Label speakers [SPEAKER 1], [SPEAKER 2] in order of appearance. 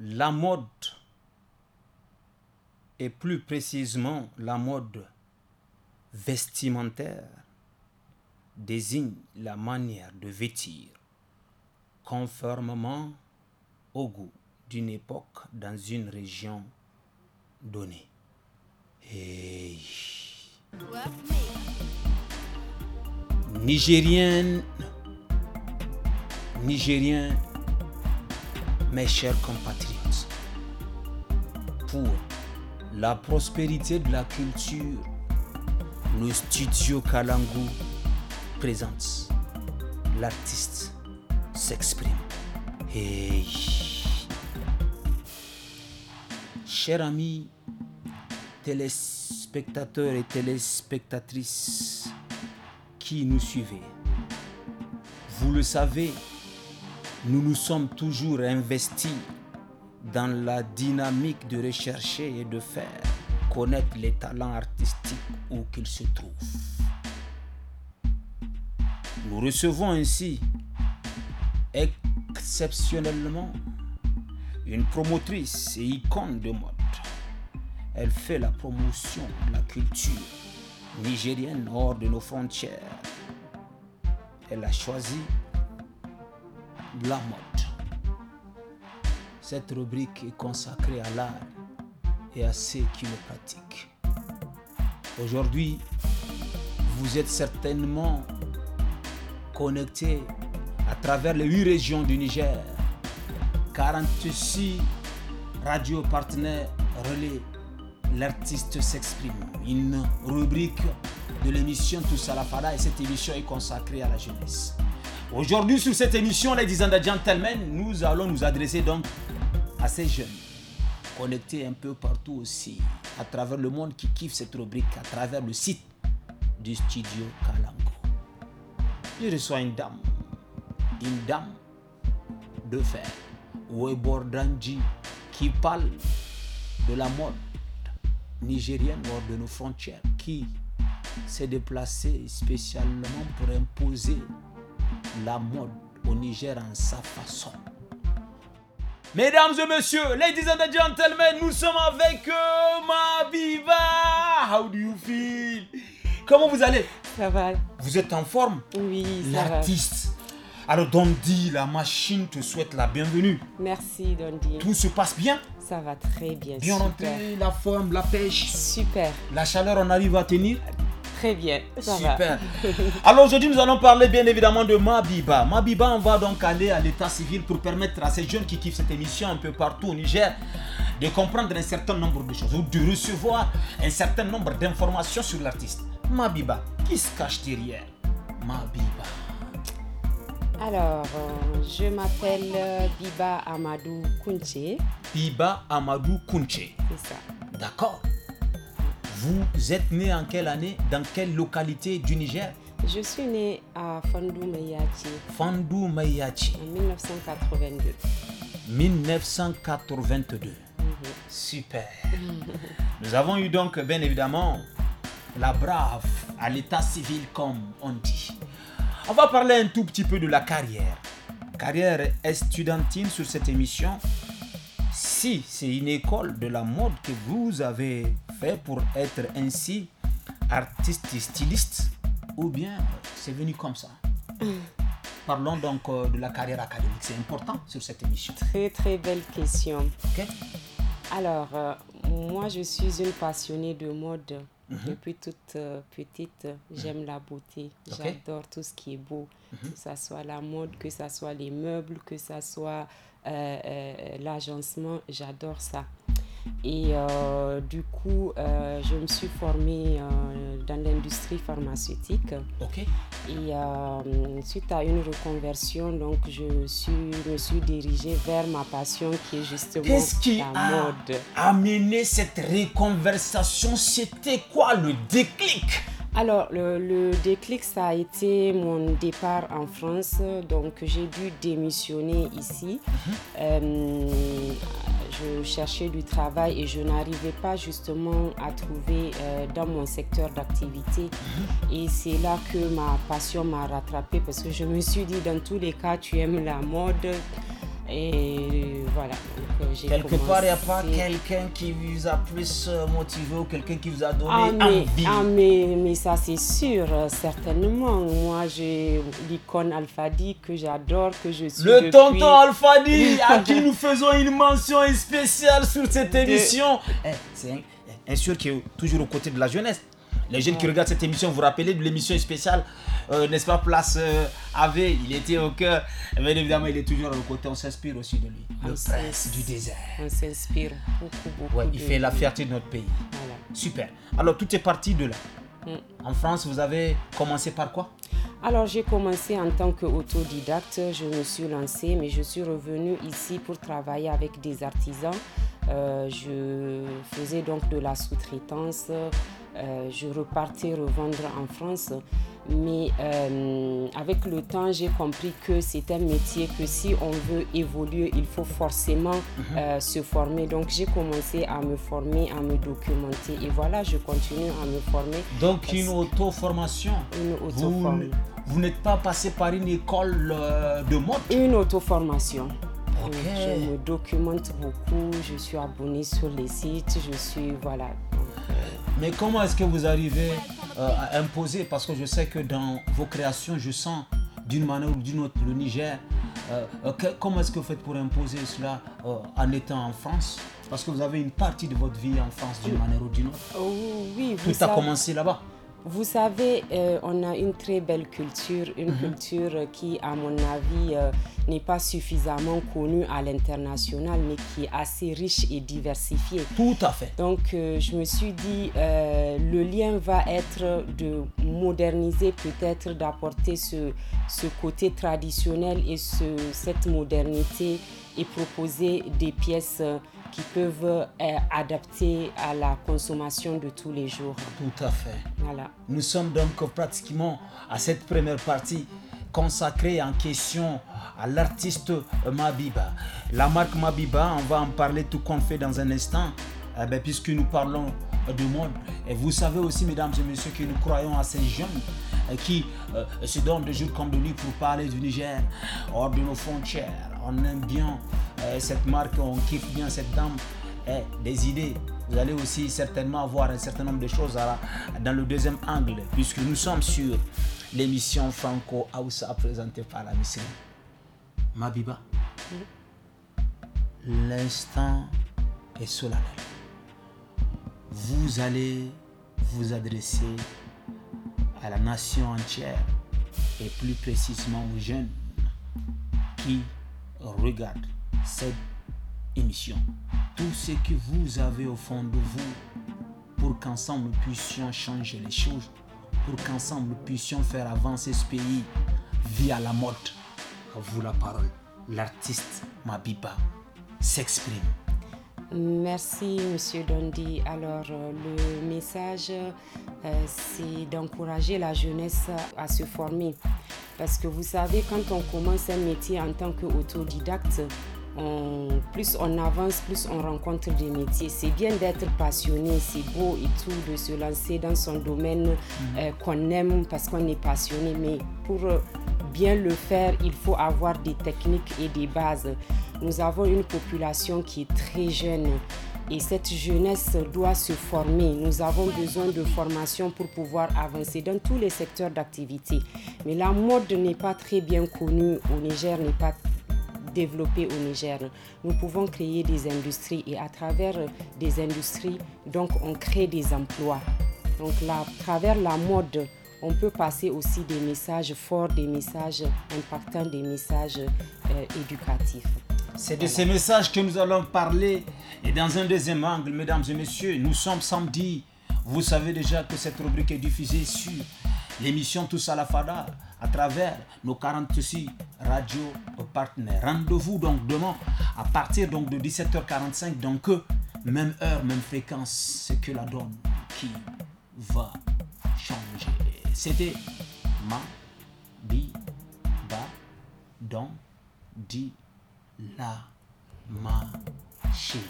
[SPEAKER 1] la mode, et plus précisément la mode vestimentaire, désigne la manière de vêtir conformément au goût d'une époque dans une région donnée. et Nigérien, mes chers compatriotes, pour la prospérité de la culture, le studio Kalangu présente l'artiste s'exprime. Et... Chers amis téléspectateurs et téléspectatrices qui nous suivez, vous le savez, nous nous sommes toujours investis dans la dynamique de rechercher et de faire connaître les talents artistiques où qu'ils se trouvent. Nous recevons ainsi exceptionnellement une promotrice et icône de mode. Elle fait la promotion de la culture nigérienne hors de nos frontières. Elle a choisi la mode. Cette rubrique est consacrée à l'art et à ceux qui le pratiquent. Aujourd'hui, vous êtes certainement connectés à travers les huit régions du Niger, 46 radios partenaires relais l'artiste s'exprime. Une rubrique de l'émission Tous et cette émission est consacrée à la jeunesse. Aujourd'hui, sur cette émission, Ladies and Gentlemen, nous allons nous adresser donc à ces jeunes connectés un peu partout aussi, à travers le monde qui kiffe cette rubrique, à travers le site du studio Kalango. Je reçois une dame, une dame de fer, Webordanji, qui parle de la mode nigérienne hors de nos frontières, qui s'est déplacée spécialement pour imposer la mode au Niger en sa façon. Mesdames et messieurs, ladies and gentlemen, nous sommes avec euh, ma viva. How
[SPEAKER 2] do you feel? Comment vous allez? Ça va.
[SPEAKER 1] Vous êtes en forme? Oui, L'artiste. Alors Dondi, la machine te souhaite la bienvenue.
[SPEAKER 2] Merci Dondi. Tout se passe bien Ça va très bien. Bien rentré, la forme, la pêche. Super.
[SPEAKER 1] La chaleur, on arrive à tenir Très bien. Super. Alors aujourd'hui, nous allons parler bien évidemment de Mabiba. Mabiba, on va donc aller à l'état civil pour permettre à ces jeunes qui kiffent cette émission un peu partout au Niger de comprendre un certain nombre de choses ou de recevoir un certain nombre d'informations sur l'artiste. Mabiba, qui se cache derrière Mabiba
[SPEAKER 2] alors, euh, je m'appelle euh, Biba Amadou Kunche.
[SPEAKER 1] Biba Amadou Kunche. C'est ça. D'accord. Vous êtes né en quelle année Dans quelle localité du Niger
[SPEAKER 2] Je suis né à Fandou
[SPEAKER 1] Mayachi. Fandou En 1982. 1982. Mhm. Super. Nous avons eu donc, bien évidemment, la brave à l'état civil, comme on dit. On va parler un tout petit peu de la carrière. Carrière estudiantine sur cette émission. Si c'est une école de la mode que vous avez pour être ainsi artiste styliste ou bien c'est venu comme ça mm. Parlons donc euh, de la carrière académique, c'est important sur cette émission.
[SPEAKER 2] Très très belle question. Alors, euh, moi je suis une passionnée de mode. Mhm. Depuis toute euh, petite, j'aime la beauté. J'adore tout ce qui est beau, mhm. que ce soit la mode, que ce soit les meubles, que ce soit l'agencement. J'adore ça. Et euh, du coup, euh, je me suis formée euh, dans l'industrie pharmaceutique. OK. Et suite à une reconversion, donc je suis, me suis dirigée vers ma passion qui est justement Qu'est-ce qui a mode.
[SPEAKER 1] Amené cette reconversation, c'était quoi
[SPEAKER 2] le déclic alors, le, le, déclic, ça a été mon départ en France. Donc, j'ai dû démissionner ici. Mm-hmm je cherchais du travail et je n'arrivais pas justement à trouver euh, dans mon secteur d'activité. Mhm. Et c'est là que ma passion m'a rattrapée parce que je me suis dit, dans tous les cas, tu aimes la mode et voilà. Euh, Quelque part, il n'y a pas
[SPEAKER 1] quelqu'un qui vous a plus euh, motivé ou quelqu'un qui vous a donné ah, mais, envie. Ah,
[SPEAKER 2] mais, ça, c'est sûr, euh, certainement. Moi, j'ai l'icône Alphadi que j'adore, que je suis. Le tonton Alphadi, à qui nous faisons une mention spéciale sur cette émission.
[SPEAKER 1] Eh, c'est un, un sûr qui est toujours aux côtés de la jeunesse. Les jeunes qui regardent cette émission, vous vous rappelez de l'émission spéciale, euh, n'est-ce pas, Place euh, AV, il était au cœur. Bien évidemment, il est toujours à nos côté, on s'inspire aussi de lui. Le prince du désert. On s'inspire beaucoup, beaucoup. Ouais, il fait la fierté de notre pays. Super. Alors, tout est parti de là. Mm. En France, vous avez commencé par quoi
[SPEAKER 2] alors j'ai commencé en tant qu'autodidacte, je me suis lancée, mais je suis revenue ici pour travailler avec des artisans. Euh, je faisais donc de la sous-traitance, euh, je repartais revendre en France. Mais euh, avec le temps, j'ai compris que c'est un métier que si on veut évoluer, il faut forcément mhm. euh, se former. Donc j'ai commencé à me former, à me documenter. Et voilà, je continue à me former.
[SPEAKER 1] Donc une auto-formation. Une auto-formation. Vous, n'êtes pas passé par une
[SPEAKER 2] école de mode Une auto-formation. Je me documente beaucoup, je suis abonnée sur les sites, je suis, voilà, mais comment est-ce que
[SPEAKER 1] vous arrivez euh, à imposer Parce que je sais que dans vos créations, je sens d'une manière ou d'une autre le Niger. Euh, euh, comment est-ce que vous faites pour imposer cela en étant en France Parce que vous avez une partie de votre vie en France d'une manière ou d'une autre.
[SPEAKER 2] Oh, Tout a commencé là-bas. Vous savez, euh, on a une très belle culture, une mhm. culture qui, à mon avis, euh, n'est pas suffisamment connue à l'international, mais qui est assez riche et diversifiée. Tout à fait. Donc, euh, je me suis dit, le lien va être de moderniser, peut-être d'apporter ce, côté traditionnel et cette modernité et proposer des pièces qui peuvent être euh, à la consommation de tous les jours. Tout à fait. Voilà.
[SPEAKER 1] Nous sommes donc pratiquement à cette première partie consacrée en question à l'artiste Mabiba. La marque Mabiba, on va en parler tout qu'on fait dans un instant, eh ben, puisque nous parlons de monde. Et vous savez aussi, mesdames et messieurs, que nous croyons à ces jeunes qui euh, se donne des jours comme de lui pour parler du Niger, hors de nos frontières. On aime bien euh, cette marque, on kiffe bien cette dame. des idées. Vous allez aussi certainement avoir un certain nombre de choses dans le deuxième angle, puisque nous sommes sur l'émission Franco Aoussa présentée par la mission Mabiba. L'instant est solennel. Vous allez vous adresser à la nation entière et plus précisément aux jeunes qui regardent cette émission. Tout ce que vous avez au fond de vous pour qu'ensemble nous puissions changer les choses, pour qu'ensemble nous puissions faire avancer ce pays via la mode. À vous la parole. L'artiste Mabiba s'exprime.
[SPEAKER 2] Merci, Monsieur Dondi. Alors, euh, le message, euh, c'est d'encourager la jeunesse à se former. Parce que vous savez, quand on commence un métier en tant qu'autodidacte, plus on avance, plus on rencontre des métiers. C'est bien d'être passionné, c'est beau et tout, de se lancer dans son domaine euh, mhm. qu'on aime parce qu'on est passionné. Mais pour bien le faire, il faut avoir des techniques et des bases. Nous avons une population qui est très jeune et cette jeunesse doit se former. Nous avons besoin de formation pour pouvoir avancer dans tous les secteurs d'activité. Mais la mode n'est pas très bien connue au Niger, n'est pas développée au Niger. Nous pouvons créer des industries et à travers des industries, donc on crée des emplois. Donc là, à travers la mode, on peut passer aussi des messages forts, des messages impactants, des messages euh, éducatifs. C'est de ces
[SPEAKER 1] messages que nous allons parler. Et dans un deuxième angle, mesdames et messieurs, nous sommes samedi. Vous savez déjà que cette rubrique est diffusée sur l'émission Tous à la Fada à travers nos 46 radios partenaires. Rendez-vous donc demain à partir donc de 17h45, donc même heure, même fréquence, c'est que la donne qui va changer. C'était ma bi ba don la
[SPEAKER 2] machine.